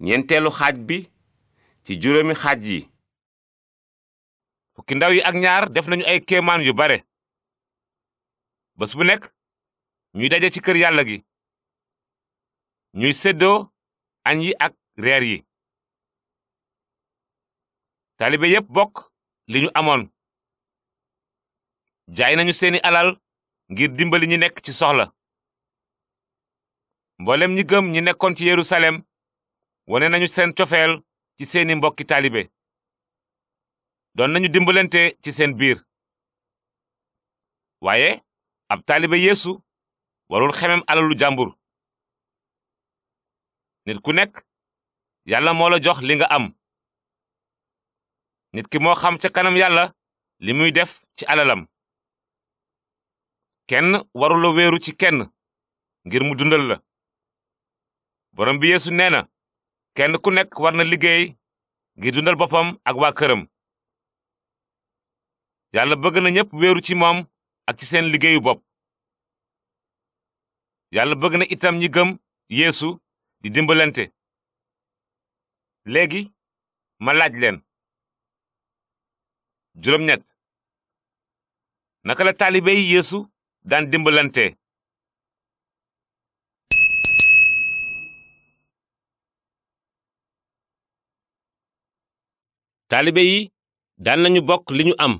ñeenteelu xaaj bi ci juróomi xaaj yi fukki ndaw yi ak ñaar def nañu ay kéemaan yu bare bés bu nekk ñuy daje ci kër yàlla gi ñuy seddoo añ yi ak reer yi taalibe yépp bokk li ñu amoon jaay nañu seeni alal ngir dimbali ñi nekk ci soxla mboolem ñi gëm ñi nekkoon ci Yerusalem wane nañu seen cofeel ci seeni mbokki taalibe doon nañu dimbalante ci seen biir waaye ab taalibe yéesu warul xemem alalu jàmbur nit ku nekk yàlla moola jox li nga am nit ki moo xam ca kanam yàlla li muy def ci alalam kenn warula wéeru ci kenn ngir mu dundal la borom bi yeesu nee na kenn ku nekk war na liggéey ngir dunal boppam ak waa këram. yàlla bëgg na ñépp wéeru ci moom ak ci seen liggéeyu bopp. yàlla bëgg na itam ñi gëm yeesu di dimbalante. léegi ma laaj leen. juróom naka la taalibe yi yeesu daan dimbalante. taalibe yi daan nañu bokk li ñu am